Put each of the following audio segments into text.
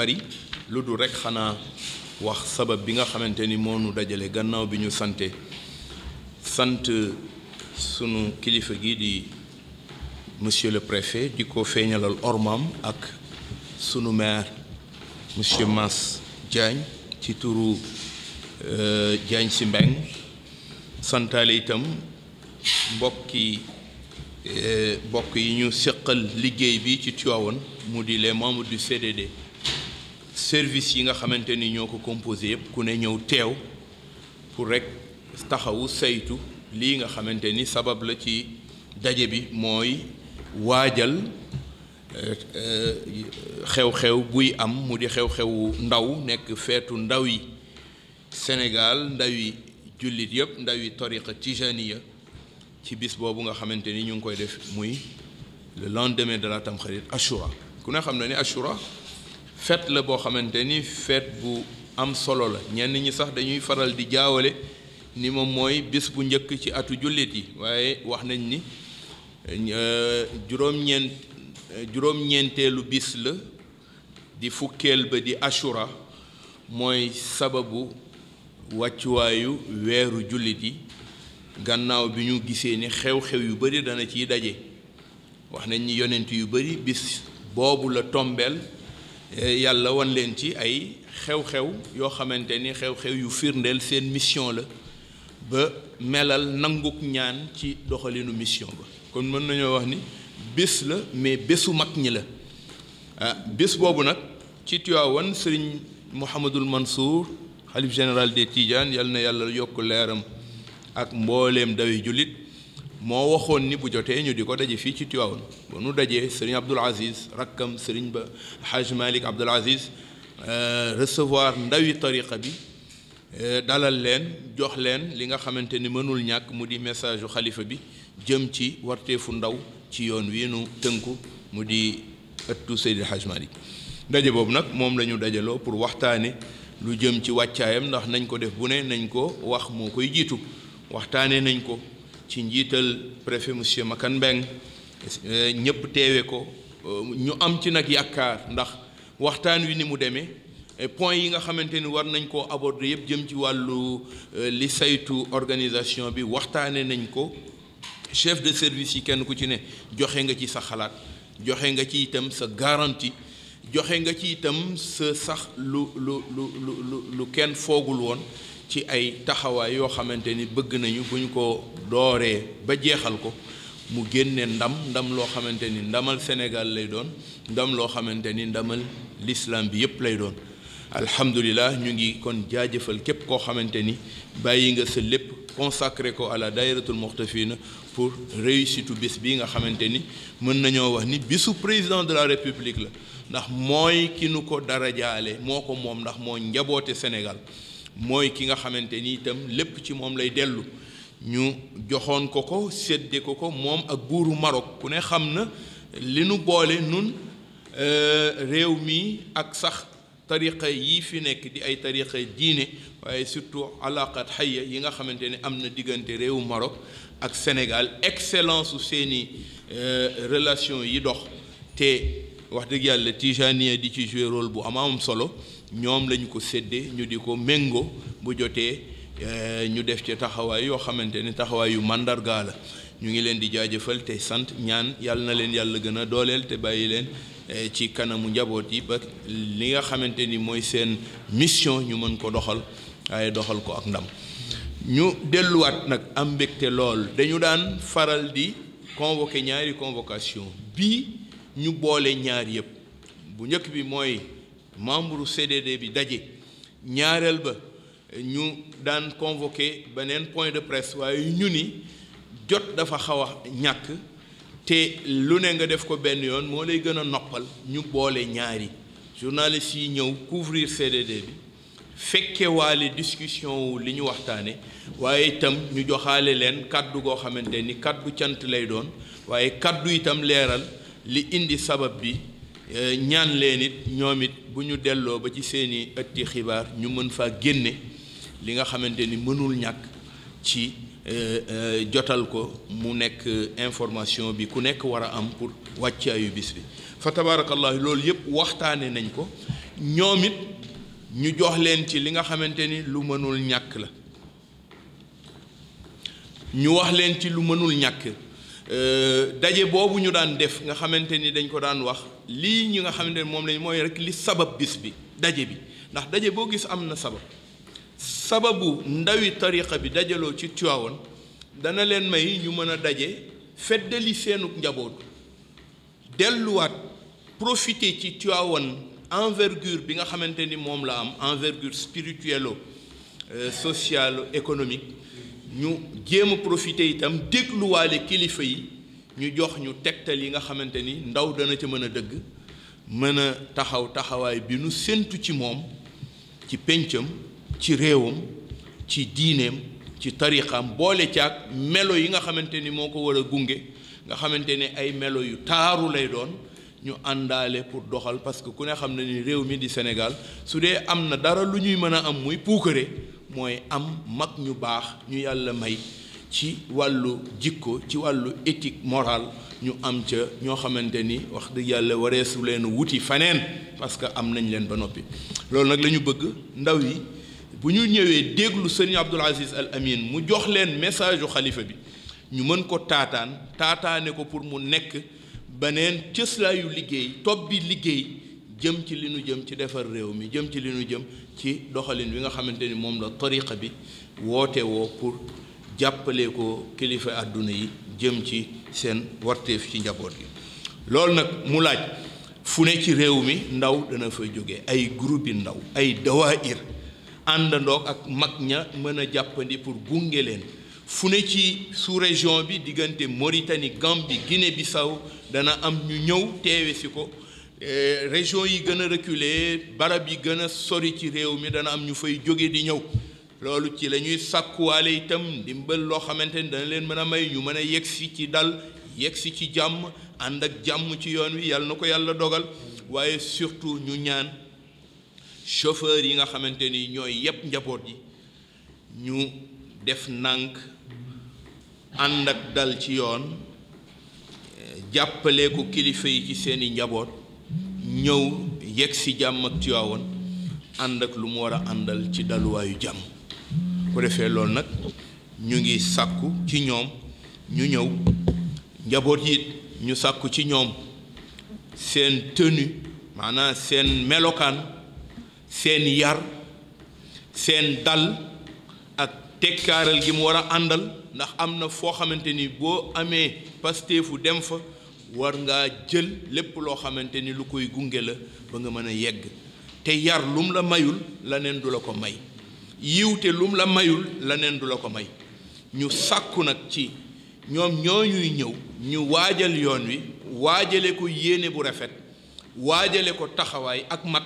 bari lu dul rekk xanaa wax sabab bi nga xamante ni moo dajale gannaaw bi ñu sante sant sunu kilifa gi di monsieur le préfet di ko feeñalal ormaam ak sunu maire monsieur Mass Diagne ci turu euh, Diagne Sy Mbengue santaale itam mbokki euh, mbokk yi ñu seqal liggéey bi ci Tivaouane mu di les membres du CDD service yi nga xamante ni ñoo ko composé yëpp ku ne ñëw teew pour rek taxawu saytu lii nga xamante ni sabab la ci daje bi mooy waajal euh, euh, xew-xew buy am mu di xew-xewu ndaw nekk feetu ndaw yi Sénégal ndaw yi jullit yëpp ndaw yi tariqa tijaniya ci bis boobu nga xamante ni ñu ngi koy def muy le lendemain de la tamxarit Ashura ku ne xam na ni Ashura fête la boo xamante ni fet bu am solo la ñenn ñi sax dañuy faral di jaawale ni moom mooy bis bu njëkk ci atu jullit yi waaye wax nañ ni juróom-ñeent juróom-ñeenteelu bis la di fukkeel ba di ashura mooy sababu wàccuwaayu weeru jullit yi gannaaw bi ñu gisee ni xew-xew yu bari dana ciy daje wax nañ ni yonent yu bari bis boobu la tombeel yàlla wan leen ci ay xew-xew yoo xamante ni xew-xew yu firndeel seen mission la ba melal nanguk ñaan ci doxalinu mission ba kon mën nañoo wax ni bés la mais bésu mag ñi la ah, bés boobu nag ci Tiwaawan sëriñ Mouhamadul Mansour xalif général des Tidianes yal na yàlla yokk leeram ak mbooleem dawi jullit moo waxoon ni bu jotee ñu di ko daje fii ci Tiwaawan ba nu dajee sëriñ Abdul Aziz rakkam sëriñ ba Haj Malik Abdul Aziz euh, recevoir ndawi tariqa bi euh, dalal leen jox leen li nga xamante ni mënul ñàkk mu di message yu xalifa bi jëm ci warteefu ndaw ci yoon wi nu tënku mu di ëttu Seydil Haj Malik daje boobu nag moom la ñu dajaloo pour waxtaane lu jëm ci wàccaayam ndax nañ ko def bu ne nañ ko wax moo koy jiitu waxtaane nañ ko ci njiital préfet monsieur Makan Mbeng eh, ñëpp teewe ko eh, ñu am ci nag yaakaar ndax waxtaan wi ni mu demee eh, point yi nga xamante ni war nañ koo aborder yëpp jëm ci wàllu li saytu organisation bi waxtaane nañ ko chef de service yi kenn ku ci ne joxe nga ci sa xalaat joxe nga ci itam sa garantie joxe nga ci itam sa sax lu lu lu lu lu kenn foogul woon ci ay taxawaay yoo xamante ni bëgg nañu bu ñu ko dooree ba jeexal ko mu génne ndam ndam loo xamante ni ndamal Sénégal lay doon ndam loo xamante ni ndamal l'islam bi yépp lay doon alhamdulilah ñu ngi kon jaajëfal képp koo xamante ni bàyyi nga sa lépp consacré ko à la dairatul muxtafina pour réussite bis bi nga xamante ni mën nañoo wax ni bisu président de la république la ndax mooy ki nu ko darajaale moo ko moom ndax moo njaboote Sénégal mooy ki nga xamante ni itam lépp ci moom lay dellu ñu joxoon ko ko sédde ko ko moom ak buuru Maroc ku ne xam na li nu boole nun euh, réew mii ak sax tariqa yii fi nekk di ay tariqa diine waaye surtout alaqat xaya yi nga xamante ni am na diggante réewu Maroc ak Sénégal excellence su seeni euh, relation yi dox te wax dëgg yàlla Tijaniya di ci jouer rôle bu amaa am solo ñoom lañu ko séddee ñu di ko méngoo bu jotee euh, ñu def ci taxawaay yoo xamante ni taxawaay yu màndargaa la ñu ngi leen di jaajëfal te sant ñaan yàlla na leen yàlla gën a dooleel te bàyyi leen euh, ci kanamu njaboot yi ba li nga xamante ni mooy seen mission ñu mën ko doxal waaye doxal ko ak ndam ñu delluwaat nag am mbégte lool dañu daan faral di convoqué ñaari convocation bii ñu boole ñaar yëpp bu njëkk bi mooy membre CDD bi daje ñaareel ba ñu daan convoqué beneen point de presse waaye ñu ni jot dafa xawa ñàkk te lu ne nga def ko benn yoon moo lay gën a noppal ñu boole ñaari journaliste yi ñëw couvrir CDD bi fekkewaale discussion wu li ñu waxtaane waaye itam ñu joxaale leen kàddu goo xamante ni kàddu cant lay doon waaye kàddu itam leeral li indi sabab bi Euh, ñaan leen it ñoom it bu ñu delloo ba ci seeni ëtti xibaar ñu mën faa génne li nga xamante ni mënul ñàkk ci euh, euh, jotal ko mu nekk information bi ku nekk war a am pour wàccaayu bis bi fa tabaarakallah loolu yëpp waxtaane nañ ko ñoom it ñu jox leen ci li nga xamante ni lu mënul ñàkk la ñu wax leen ci lu mënul ñàkk Euh, daje boobu ñu daan def nga xamante ni dañ ko daan wax lii ñi nga xamante ni moom lañ mooy rek li sabab bis bi daje bi ndax daje boo gis am na sabab sababu ndawi tariqa bi dajaloo ci Tiwaawan dana leen may ñu mën a daje feddali seenu njaboot delluwaat profité ci Tiwaawan envergure bi nga xamante ni moom la am envergure spirituelle euh, sociale économique ñu jéem a profité itam dégluwaale kilifa yi ñu jox ñu tegtal yi nga xamante ni ndaw dana ca mën a dëgg mën a taxaw taxawaay bi nu séntu ci moom ci péncam ci réewam ci diineem ci tariqaam boole caag melo yi nga xamante ni moo ko war a gunge nga xamante ne ay melo yu taaru lay doon ñu àndaale pour doxal parce que ku ne xam na ni réew mi di Sénégal su dee am na dara lu ñuy mën a am muy puukare mooy am mag ñu baax ñu yàlla may ci wàllu jikko ci wàllu éthique morale ñu am ca ñoo xamante ni wax dëgg yàlla wareesu leen wuti faneen parce que am nañ leen ba noppi loolu nag la bëgg ndaw yi bu ñu ñëwee déglu sëriñ Abdoul Aziz Al Amin mu jox leen message u xalifa bi ñu mën ko taataan taataane ko pour mu nekk beneen cëslaayu liggéey topp bi liggéey jëm ci li nu jëm ci defar réew mi jëm ci li nu jëm ci doxalin wi nga xamante ni moom la tariqa bi wootewoo woo pour jàppale ko kilifa àdduna yi jëm ci seen warteef ci njaboot gi loolu nag mu laaj fu ne ci réew mi ndaw dana fa jóge ay group yi ndaw ay dawaayir àndandoog ak mag ña mën a jàppandi pour gunge leen fu ne ci su région bi diggante Mauritanie Gambie Guinée-Bissau dana am ñu ñëw teewe si ko Eh, région yi gën a reculé barab yi gën a sori ci réew mi dana am ñu fay jóge di ñëw loolu ci lañuy sàkkuwaale itam ndimbal loo xamante ni dana leen mën a may ñu mën a yegg si ci dal yegg si ci jàmm ànd ak jàmm ci yoon wi yàlla na ko yàlla dogal waaye surtout ñu ñaan chauffeur yi nga xamante ni ñooy yëpp njaboot yi ñu def nànk ànd ak dal ci yoon eh, jàppale ko kilifa yi ci seeni njaboot ñëw yegg si jàmm ak Tiwaawoon ànd ak lu mu war a àndal ci daluwaayu jàmm ko defee loolu nag ñu ngi sàkku ci ñoom ñu ñëw njaboot yi ñu sàkku ci ñoom seen tenue maanaam seen melokaan seen yar seen dal ak tekkaaral gi mu war a àndal ndax am na foo xamante ni boo amee pasteefu dem fa war ngaa jël lépp loo xamante ni lu koy gunge la ba nga mën a yegg te yar lum la mayul laneen du la ko may yiwte lum la mayul laneen du la ko may ñu sàkku nag ci ñoom ñoo ñuy ñëw ñu waajal yoon wi waajale ko yéene bu rafet waajale ko taxawaay ak mat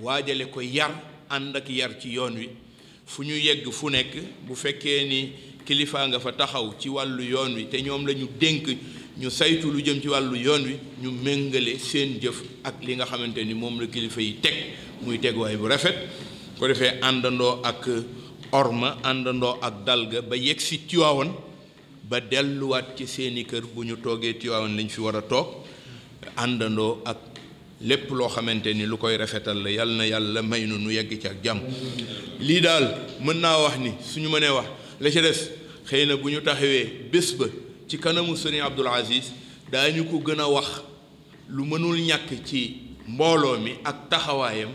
waajale ko yar ànd ak yar ci yoon wi fu ñu yegg fu nekk bu fekkee ni kilifaa nga fa taxaw ci wàllu yoon wi te ñoom lañu dénk ñu saytu lu jëm ci wàllu yoon wi ñu méngale seen jëf ak li nga xamante ni moom la kilifa yi teg muy teguwaay bu rafet ko defee àndandoo ak orma àndandoo ak dalga ba yegg si Tiwaawan ba delluwaat ci seeni kër bu ñu toogee Tiwaawan lañ fi war a toog àndandoo ak lépp loo xamante ni lu koy rafetal la yal na yàlla may nu nu yegg ci ak jàmm lii daal mën naa wax ni suñu mënee wax la ci des xëy na bu ñu taxawee bés ba ci kanamu sëriñ Abdul Aziz daañu ko gën a wax lu mënul ñàkk ci mbooloo mi ak taxawaayam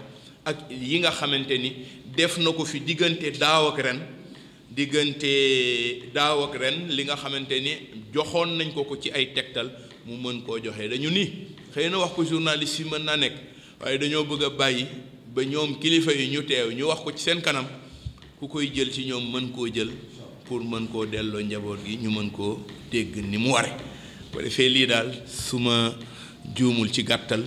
ak yi nga xamante ni def na ko fi diggante daaw ak ren diggante daaw ak ren li nga xamante ni joxoon nañ ko ko ci ay tegtal mu mën koo joxe dañu ni xëy na wax ko journaliste si mën naa nekk waaye dañoo bëgg a bàyyi ba ñoom kilifa yi ñu teew ñu wax ko ci seen kanam ku koy jël ci ñoom mën koo jël pour mën koo delloo njaboot gi ñu mën koo dégg ni mu ware bu lii daal su ma juumul ci gàttal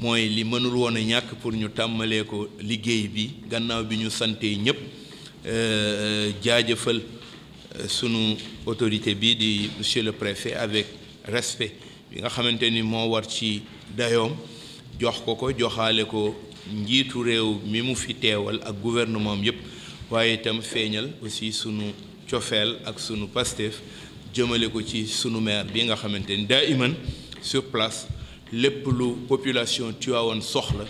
mooy li mënul woon ñàkk pour ñu tàmbalee ko liggéey bi gannaaw bi ñu sante ñëpp euh, jaajëfal euh, sunu autorité bi di monsieur le préfet avec respect bi nga xamante ni moo war ci dayoom jox ko ko joxaale ko njiitu réew mi mu fi teewal ak gouvernement yëpp waaye itam feeñal aussi sunu cofeel ak sunu Pastef jëmale ko ci sunu maire bi nga xamante ni daa iman sur place lépp lu population Tivaouane soxla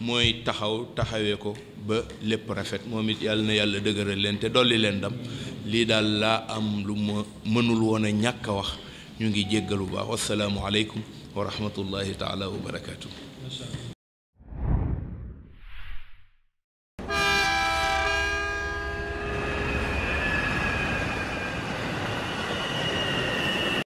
mooy taxaw taxawee ko ba lépp rafet moom it yàlla na yàlla dëgëral leen te dolli leen ndam lii daal laa am lu ma mënul woon a ñàkk wax ñu ngi jéggal bu baax wasalaamualeykum wa rahmatullahi taala wa barakaatu.